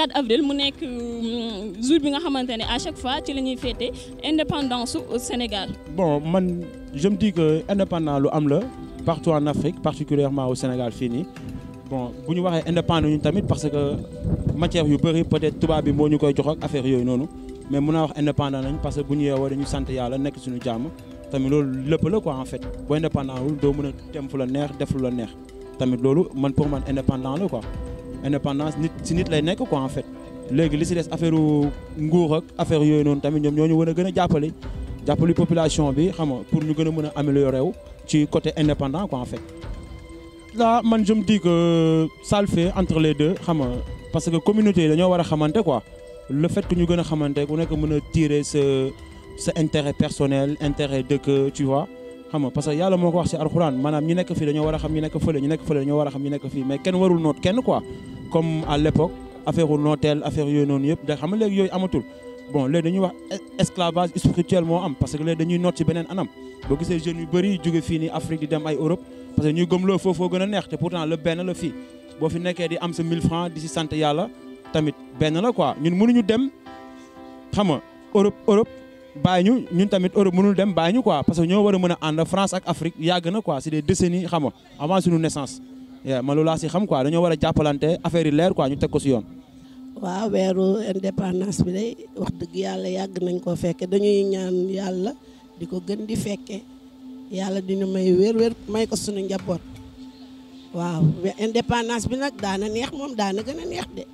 4 avril mu nekk mm, jour bi nga xamante ne à chaque fois ci la ñuy féete indépendance au Sénégal. bon man je me dis que indépendant lu am la partout en Afrique particulièrement au Sénégal fii nii bon bu ñu waxee indépendant ñu tamit parce que matière yu bëri peut-être tubaab bi moo ñu koy jox affaire yooyu noonu mais mun naa wax indépendant nañ parce que bu ñu yeewoo dañu sant yàlla nekk suñu jàmm tamit loolu lépp la ko en fait boo indépendant wul mën a dem fu neex def lu neex tamit loolu man pour man indépendant la quoi. indépendance nit si nit lay nekk quoi en fait léegi li si des affaire nguur ak affaire yooyu noonu tamit ñoom ñoo ñu war a gën a jàppale jàppale population bi xam nga pour ñu gën a mën a améliorer wu ci côté indépendant quoi en fait. là man je me dis que ça le fait entre les deux xam nga parce que communauté yi dañoo war a xamante quoi le fait que ñu gën a xamante ku nekk mën a tirer sa sa intérêt personnel intérêt dëkk ci vois. xam nga parce que yàlla moo ko wax ci alxuraan maanaam ñu nekk fii dañoo war a xam ñu nekk fële ñu nekk fële dañoo war a xam ñu nekk fii mais kenn warul noot kenn quoi comme à l'époque affaire u nooteel affaire yooyu noonu yëpp da xam léegi yooyu amatul bon léegi dañuy wax esclavage spirituel moo am parce que léegi dañuy noot ci beneen anam boo gisee jeunes yu bëri jóge fii nii Afrique di dem ay Europe parce que ñuy gëmloo foofoo gën a neex te pourtant fi nekkee di am sa 1000 francs di benn la quoi ñun mënuñu dem xam nga Europe Europe bàyyi ñu ñun tamit Europe mënul dem bàyyi ñu quoi parce que ñoo war a mën a ànd France ak Afrique yàgg na quoi c'est des décennies xam nga avant suñu naissance ma loolu laa si xam quoi dañoo war a jàppalante affaire yi leer quoi ñu teg ko si yoon. waaw weeru indépendance bi day wax dëgg yàlla yàgg nañ koo fekke dañuy ñaan yàlla di ko gën di fekke yàlla dina may wér wér may ko suñu njaboot waaw indépendance bi nag daana neex moom daana gën a neex de.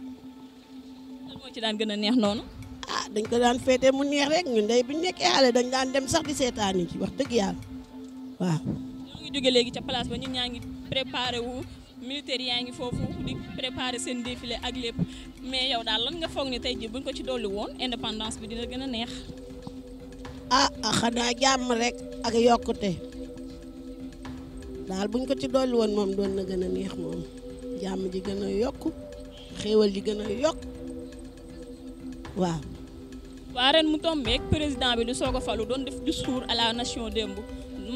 moo ci daan gën a neex noonu. ah dañ ko daan féete mu neex rek ñun day bi ñu nekkee xale dañ daan dem sax di seetaan yi ci wax dëgg yàlla waaw. ñoo ngi jóge léegi ca place ba ñu ñaa ngi préparé wu militaire yaa ngi foofu di seen défilé ak lépp mais yow daal lan nga foog ne tey jii buñ ko ci dolli woon indépendance bi dina gën a neex. ah, ah xanaa jàmm rekk ak yokkute daal buñ ko ci dolli woon moom doon na gën a neex moom jàmm ji gën a yokk xéewal ji gën a yokk waaw waa ren mu tombeek président bi du soog a falu doon def discours à la nation démb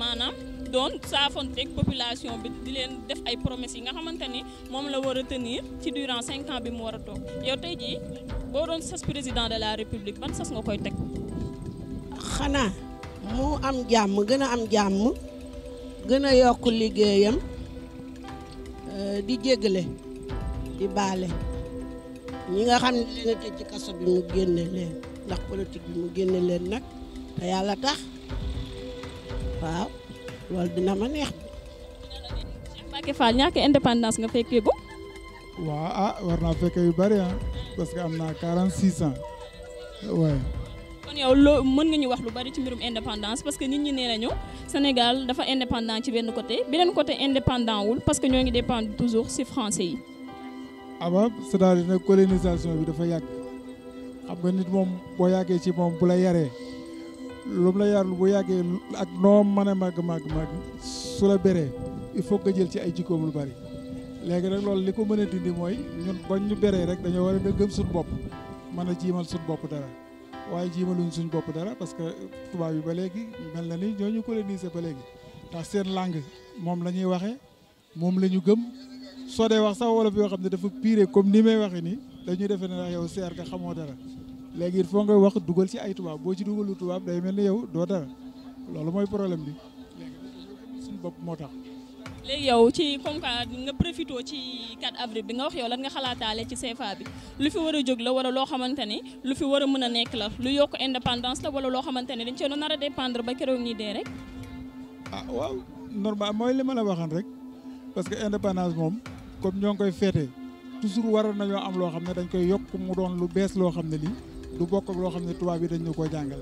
maanaam doon saafonteeg population bi di leen def ay promesses yi nga xamante ni moom la war a tenir ci durant cinq ans bi mu war a toog yow tey jii boo doon sas président de la république ban sas nga koy teg. xanaa mu am jàmm gën a am jàmm gën a yokk liggéeyam euh, di jéggale di baale ñi nga xam ne leen a kaso bi mu génne leen. ndax politique bi mu génne leen nag te yàlla tax waaw loolu dina ma neex. Mbacké Fall ñaaka indépendance nga fekkee ko. waaw ah war naa fekkee yu bari ah parce que am naa 46 ans waaye. kon yow loo mën nga ñu wax lu bari ci mbirum indépendance parce que nit ñi nee nañu Sénégal dafa indépendant ci benn côté beneen côté indépendant wul parce que ñoo ngi dépendre toujours ci français yi. ah c'est-à-dire ne colonisation bi dafa yàgg. xam nga nit moom boo yàggee ci moom bu la yaree lu mu la yar bu yàggee ak noo mën a màgg màgg màgg su la beree il faut nga jël ci ay jikkoom lu bari léegi rek lool li ko mën a dindi mooy ñun bañ ñu beree rek dañoo war a gëm suñu bopp mën a jiimal suñ bopp dara waaye jiimaluñ suñu bopp dara parce que tubaab yi ba léegi mel na ni ñoo ñu colonisé ba léegi ndax seen langue moom la ñuy waxee moom la ñu gëm soo dee wax sax wolof yoo xam ne dafa piire comme ni may waxee nii dañuy defee ne yow seer xamoo dara léegi il faut nga wax dugal ci ay tubaab boo ci dugalu tubaab day mel ni yow doo dara loolu mooy problème bi léegi suñu bopp moo tax. léegi yow ci comme que nga profité ci 4 avril bi nga wax yow lan nga xalaataale ci CFA bi lu fi war a jóg la wala loo xamante ni lu fi war a mën a nekk la lu yokk indépendance la wala loo xamante ni dañ cee nar a dépendre ba keroog ñi dee rek. ah waaw normal mooy li ma la waxan rek parce que indépendance moom comme ñoo koy féete toujours waroon nañoo am loo xam ne dañ koy yokk mu doon lu bees loo xam ne lii. du bokk loo xam ne tubaab yi dañ ñu koo jàngal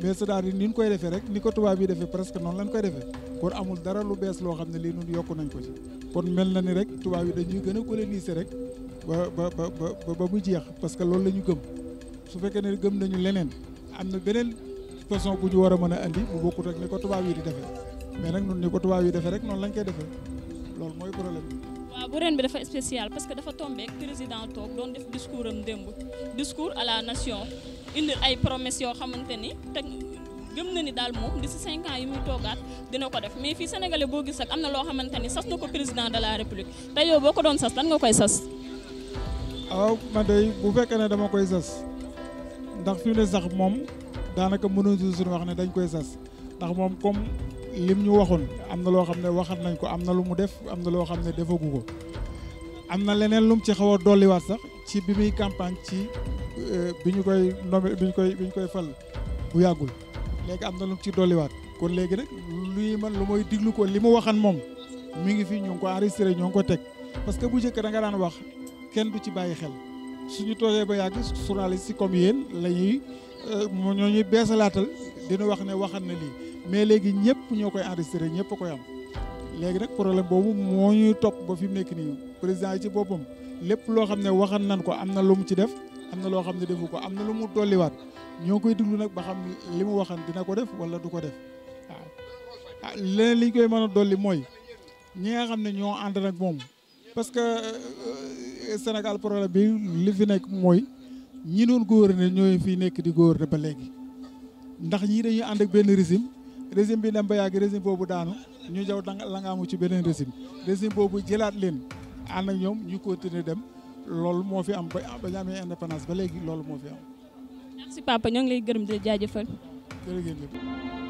mais c'est-à-dire ni koy defee rek ni ko tubaab yi defee presque noonu lañ koy defee kon amul dara lu bees loo xam ne lii nun yokk nañ ko ci kon mel na ni rek tubaab yi dañuy gën a coloniser rek ba ba ba ba mu jeex parce que loolu la ñu gëm su fekkee ne gëm nañu leneen am na beneen façon bu ñu war a mën a indi bu bokkut ak ni ko tubaab yi di defee mais nag nun ni ko tubaab yi defee rek noonu lañ koy defee lool mooy problème waaw bu ren bi dafa spécial parce que dafa tombé ak président toog doon def discours am démb discours à la nation indi ay promesses yoo xamante ni teg gëm na ni daal moom di si cinq ans yi muy toogaat dina ko def mais fii sénégalais boo gis ak am na loo xamante ni sas na ko président de la république te yow boo ko doon sas lan nga koy sas. waaw man de bu fekkee ne dama koy sas ndax fi mu ne sax moom daanaka mënuñu toujours wax ne dañ koy sas ndax moom comme. lim ñu waxoon am na loo xam ne waxat nañ ko am na lu mu def am na loo xam ne defagu ko am na leneen lum ci xaw a dolliwaat sax ci bi muy campagne ci euh, bi ñu koy nommé bi ñu koy bi koy fal bu yàggul léegi am na lum ci dolliwaat kon léegi nag luy man lu mooy diglu ko li mu waxan moom mi ngi fi ñu ngi ko enregistré ñoo ngi ko teg parce que bu njëkk da nga daan wax kenn du ci bàyyi xel ñu toogee ba yàgg journaliste yi comme yéen la ñuy euh, ñoo ñuy beesalaatal dina wax ne waxan na lii mais léegi ñëpp ñoo koy enregistré ñëpp a koy am léegi nag problème boobu moo ñuy topp ba fi mu nekk nii président yi ci boppam lépp loo xam ne waxan nan ko am na lu mu ci def am na loo xam ne defu ko am na lu mu dolliwaat ñoo koy déglu nag ba xam li mu waxan dina ko def wala du ko def ah, leneen li koy mën a dolli mooy ñi nga xam ne ñoo ànd nag moomu parce que euh, euh, Sénégal problème bi li fi nekk mooy ñi doon gouverner ñooy fii nekk di góor gouverner ba léegi ndax ñii dañuy ànd ak benn régime. régime bi dem ba yàgg régime boobu daanu ñu jaw la nga amu ci beneen régime régime boobu jëlaat leen ànd ak ñoom ñu continuer dem loolu moo fi am ba ba ñu indépendance ba léegi loolu moo fi am. merci papa ñoo ngi lay gërëm di la jaajëfal. jërëjëf.